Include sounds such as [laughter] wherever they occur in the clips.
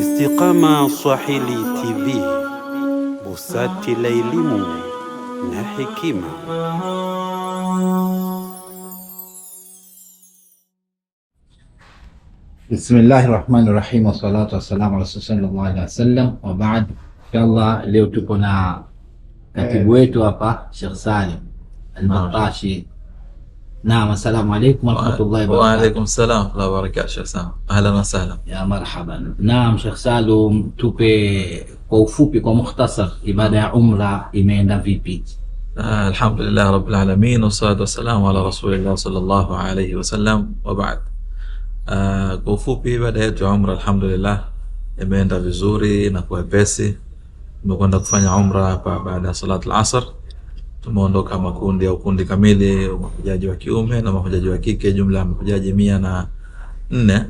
Istiqama Swahili TV, busati la elimu na hekima. Bismillahi rahmani rahim, wassalatu wassalamu ala rasul sallallahu alaihi wasallam, wa baad. Inshallah leo tupo na katibu wetu hapa Sheikh Salim Al-Bartashi نعم السلام عليكم ورحمه الله وبركاته وعليكم السلام ورحمه الله وبركاته شيخ سالم اهلا وسهلا يا مرحبا نعم شيخ سالم توبي كو فوبي كو مختصر عباده عمره ايمان في آه، الحمد لله رب العالمين والصلاه والسلام على رسول الله صلى الله عليه وسلم وبعد آه، كو فوبي عباده عمره الحمد لله ايمان دا زوري نكو بيسي نكون عمره بعد صلاه العصر tumeondoka makundi au kundi kamili, mahujaji wa kiume na mahujaji wa kike, jumla ya mahujaji mia na nne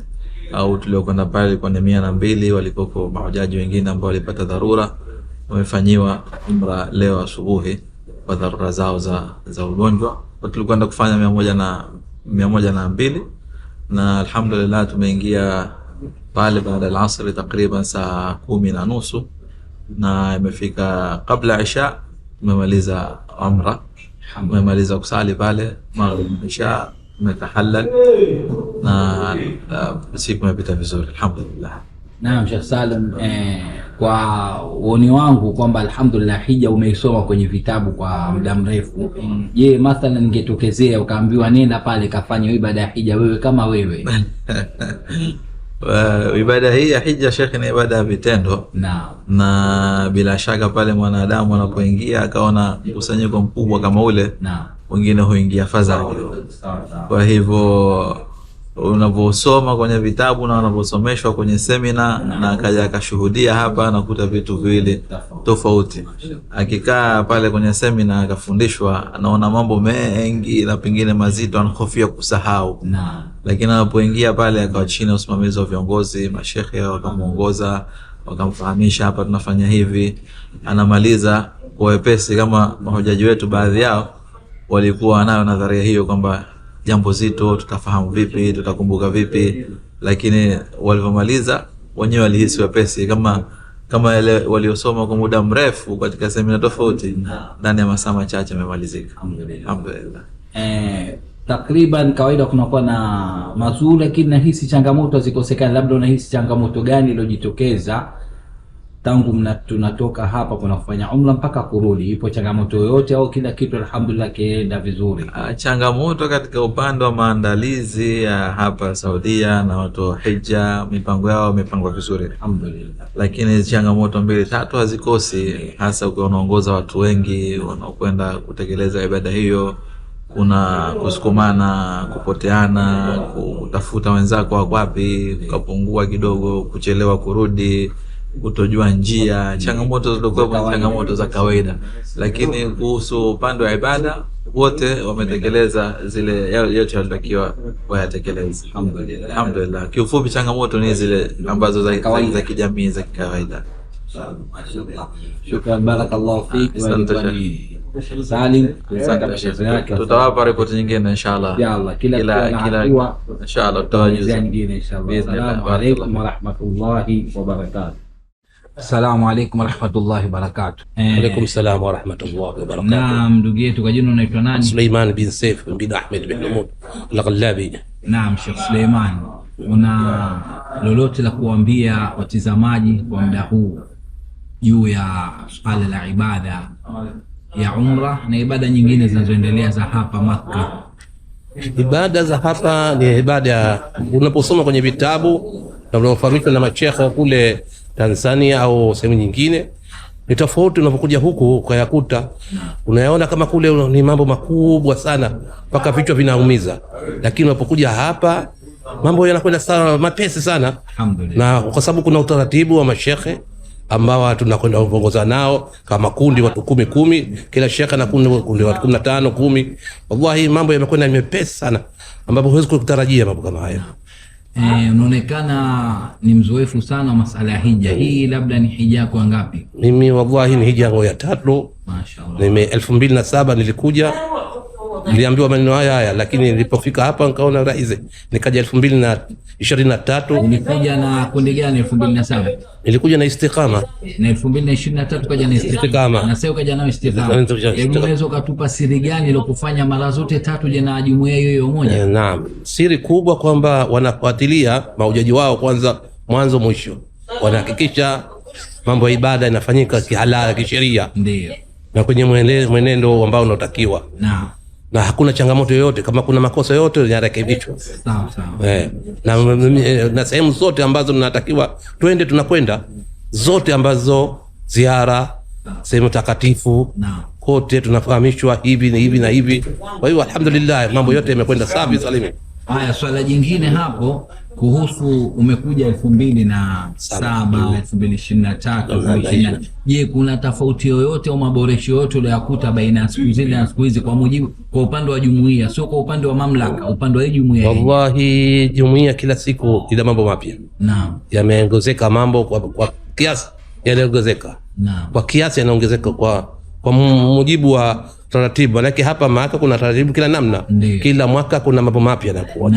au tuliokwenda pale ilikuwa ni mia na mbili. Walikuwa mahujaji wengine ambao walipata dharura, wamefanyiwa umra leo asubuhi kwa dharura zao za, za ugonjwa. Tulikwenda kufanya mia moja na mia moja na mbili na alhamdulillah tumeingia pale baada ya asri takriban saa kumi na nusu na imefika kabla isha tumemaliza amra, umemaliza kusali pale maghrib, isha umetahalal na siku imepita vizuri alhamdulillah. Naam, Sheikh Salim, eh, kwa uoni wangu kwamba alhamdulillah hija umeisoma kwenye vitabu kwa muda mrefu. Je, mathalan ningetokezea ukaambiwa nenda pale kafanya ibada ya hija, wewe kama wewe [laughs] Uh, ibada hii ya hija shekhe, ni ibada ya vitendo na, na bila shaka pale mwanadamu anapoingia akaona mkusanyiko mkubwa kama ule, wengine huingia fadhali. Kwa hivyo unavyosoma kwenye vitabu na unavyosomeshwa kwenye semina, na akaja akashuhudia hapa, anakuta vitu viwili tofauti. Akikaa pale kwenye semina akafundishwa, anaona mambo mengi na pengine mazito, anahofia kusahau, lakini anapoingia pale akawa chini ya usimamizi wa viongozi, mashehe wakamwongoza, wakamfahamisha, hapa tunafanya hivi, anamaliza kwa wepesi. Kama mahujaji wetu baadhi yao walikuwa wanayo nadharia hiyo kwamba jambo zito, tutafahamu vipi, tutakumbuka vipi? Lakini walivyomaliza wenyewe walihisi wepesi kama kama wale waliosoma kwa muda mrefu katika semina tofauti ndani ya masaa machache amemalizika. Alhamdulillah. Eh, takriban kawaida kunakuwa na mazuri, lakini nahisi changamoto hazikosekani. Labda unahisi changamoto gani iliyojitokeza? tangu mna, tunatoka hapa kuna kufanya umra mpaka kurudi, ipo changamoto yoyote au kila kitu alhamdulillah kienda vizuri? A, ah, changamoto katika upande wa maandalizi ya hapa Saudia na watu wa hija, mipango yao imepangwa vizuri alhamdulillah, lakini changamoto mbili tatu hazikosi, hasa ukiwa unaongoza watu wengi wanaokwenda kutekeleza ibada hiyo kuna kusukumana, kupoteana, kutafuta wenzako wako wapi, ukapungua kidogo, kuchelewa kurudi kutojua njia, changamoto zilizokuwa, changamoto za kawaida. Lakini kuhusu upande wa ibada, wote wametekeleza zile yote walitakiwa wayatekeleze, alhamdulillah. Kiufupi, changamoto ni zile ambazo za kijamii za kawaida. Shukran, barakallahu fik. Ah, Tutawapa ripoti nyingine inshallah, inshallah. Assalamu alaykum wa rahmatullahi wa barakatuh. Assalamu alaikum warahmatullahi wabarakatu. Eh, alaikum salam warahmatullahi wabarakatu. Naam, ndugu yetu kwa jina unaitwa nani? Suleiman bin Saif bin Ahmed bin Mahmud Al-Ghallabi. Naam, Sheikh Suleiman, una lolote la kuambia watizamaji kwa muda huu juu ya swala la ibada ya umra na ibada nyingine zinazoendelea za hapa Makka? Ibada za hapa ni ibada unaposoma kwenye vitabu na unaofahamishwa na mashekhe kule Tanzania au sehemu nyingine ni tofauti. Unapokuja huku ukayakuta unayaona kama kule ni mambo makubwa sana mpaka vichwa vinaumiza, lakini unapokuja hapa mambo yanakwenda sana mapesi sana, na kwa sababu kuna utaratibu wa mashehe ambao tunakwenda kuongoza nao kama kundi watu kumi kumi, kila shekhe na kundi, kundi watu kumi na tano kumi. Wallahi mambo yamekwenda mepesi sana, ambapo huwezi kutarajia mambo kama hayo unaonekana eh, unaonekana ni mzoefu sana masala ya hija. Hii labda ni hija yako ngapi? Mimi wallahi ni hija yangu ya tatu. Mashaallah. Nime elfu mbili na saba nilikuja niliambiwa maneno haya haya, lakini nilipofika hapa nikaona raise, nikaja elfu mbili na ishirini na tatu. Nilikuja na kundi gani? elfu mbili na saba nilikuja na Istiqama, na elfu mbili na ishirini na tatu kaja na Istiqama, na sasa ukaja nayo Istiqama. Unaweza ukatupa siri gani ilokufanya mara zote tatu je na jumuiya hiyo hiyo moja? Eh, naam, siri kubwa kwamba wanafuatilia maujaji wao kwanza, mwanzo mwisho, wanahakikisha mambo ya ibada inafanyika kihalali kisheria, ndio na kwenye mwenendo ambao unaotakiwa. Naam na hakuna changamoto yoyote. Kama kuna makosa yoyote yanarekebishwa eh, na, eh, na sehemu zote ambazo tunatakiwa twende tunakwenda zote ambazo ziara sehemu takatifu kote tunafahamishwa hivi na hivi na hivi. Kwa hiyo alhamdulillah, mambo yote yamekwenda safi salimi. Haya, swala jingine hapo kuhusu umekuja elfu mbili na saba elfu mbili ishirini na tatu je, kuna tofauti yoyote au maboresho yoyote uliyokuta baina ya siku zile na siku hizi, kwa mujibu kwa upande wa jumuiya, sio kwa upande wa mamlaka, upande wa hii jumuiya? Wallahi, jumuiya kila siku ina mambo mapya, naam, yameongezeka mambo kwa, kwa kiasi yanaongezeka, kwa kiasi yanaongezeka kwa kwa mujibu wa taratibu, manake hapa maaka kuna taratibu kila namna, Ndi. kila mwaka kuna mambo mapya yanakuwa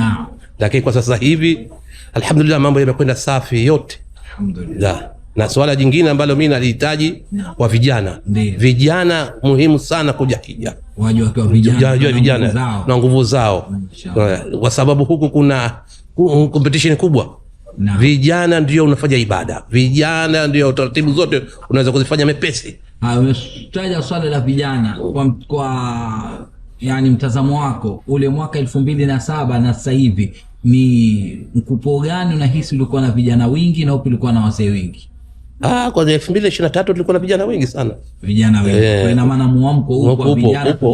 lakini kwa sasa hivi alhamdulillah mambo yamekwenda safi yote alhamdulillah. Na swala jingine ambalo mimi nalihitaji kwa vijana Ndiyo. vijana muhimu sana kuja hija, wajua vijana, na nguvu zao, eh, kwa sababu huku kuna competition kubwa na. Vijana ndio unafanya ibada, vijana ndio taratibu zote unaweza kuzifanya mepesi. Umetaja swala la vijana kwa, kwa yani mtazamo wako ule mwaka elfu mbili na saba na sasa hivi ni mkupo gani unahisi ulikuwa na vijana wingi na upi ulikuwa na wazee wingi? Ah, kwa 2023 tulikuwa na vijana wengi sana, vijana wengi eh. Kwa Ina maana muamko huko kwa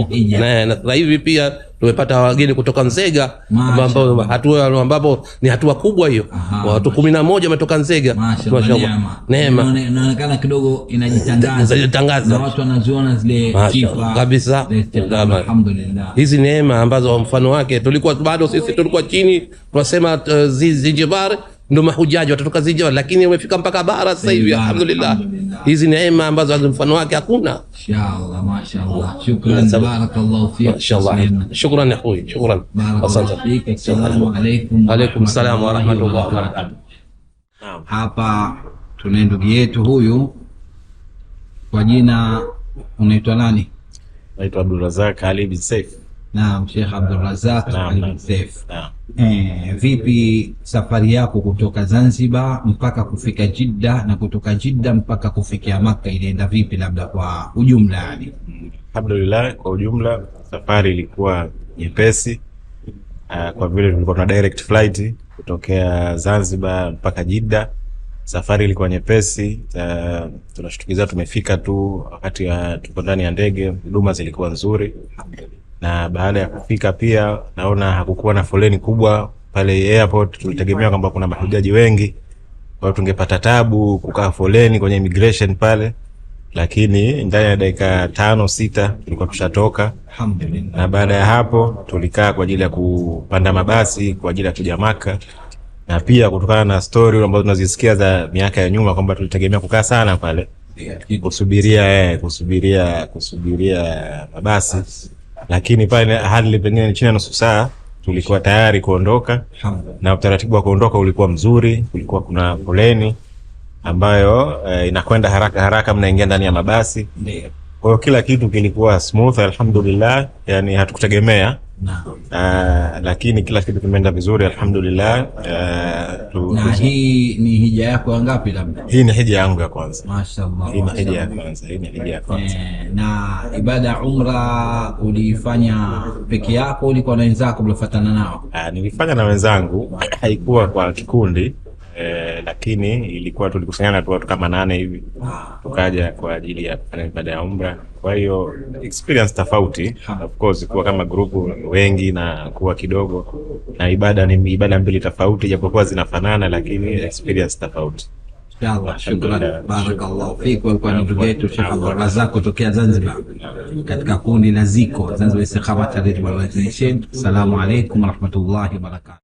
vijana. na sasa hivi pia tumepata wageni kutoka Nzega ambao hatua ambapo ni hatua kubwa hiyo, watu 11 wametoka Nzega. Mashaallah. Neema inaonekana kidogo inajitangaza na watu wanaziona zile sifa kabisa. Alhamdulillah, hizi neema ambazo mfano wake tulikuwa bado sisi tulikuwa chini tunasema uh, eh, zinjibar ndo mahujaji watatoka zija, lakini wamefika mpaka bara sasa hivi. Alhamdulillah, hizi neema ambazo mfano wake hakuna. shukran, shukran asante. wa rahmatullahi wa barakatuh. Hapa tunaye ndugu yetu huyu, kwa jina unaitwa nani? Naitwa Abdulrazak Ali bin Saif. Naam, Sheikh Abdul Razak Ali eh, vipi safari yako kutoka Zanzibar mpaka kufika Jidda na kutoka Jidda mpaka kufikia Makka ilienda vipi, labda kwa ujumla? Yani, alhamdulillah, kwa ujumla safari ilikuwa nyepesi uh, kwa vile tulikuwa tuna direct flight kutokea Zanzibar mpaka Jidda. Safari ilikuwa nyepesi, eh, tunashtukiza tumefika tu wakati tuko ndani ya ndege, huduma zilikuwa nzuri na baada ya kufika pia naona hakukuwa na foleni kubwa pale airport. Tulitegemea kwamba kuna mahujaji wengi, kwa tungepata tabu kukaa foleni kwenye immigration pale, lakini ndani ya dakika tano sita tulikuwa tushatoka. Na baada ya hapo tulikaa kwa ajili ya kupanda mabasi kwa ajili ya kuja Maka, na pia kutokana na story ambazo tunazisikia za miaka ya nyuma kwamba tulitegemea kukaa sana pale kusubiria eh, kusubiria kusubiria mabasi lakini pale hadi pengine chini ya nusu saa tulikuwa tayari kuondoka, na utaratibu wa kuondoka ulikuwa mzuri. Kulikuwa kuna foleni ambayo eh, inakwenda haraka haraka, mnaingia ndani ya mabasi kwa hiyo kila kitu kilikuwa smooth alhamdulillah, yani hatukutegemea Uh, lakini kila kitu kimeenda vizuri alhamdulillah. Uh, tu, na hii ni hija yako ya ngapi? Labda hii ni hija yangu ya kwanza. Mashaallah, hii ni hija ya kwanza, hii ni hija ya kwanza. Eh, na ibada ya umra ulifanya peke yako, ulikuwa na wenzako mlifuatana nao? Uh, nilifanya na wenzangu, [coughs] haikuwa kwa kikundi lakini ilikuwa tulikusanyana tu watu kama nane hivi ah. tukaja kwa ajili ya kufanya ibada ya umra. Kwa hiyo experience tofauti ah. of course, kuwa kama grupu wengi na kuwa kidogo, na ibada ni ibada mbili tofauti, japokuwa zinafanana, lakini experience tofauti. Barakallahu fikum kwa ndugu yetu Sheikh Abdul Razak kutokea Zanzibar katika kundi la Ziko Zanzibar Istiqama Tarbiya Organization. Assalamu alaykum warahmatullahi wabarakatuh.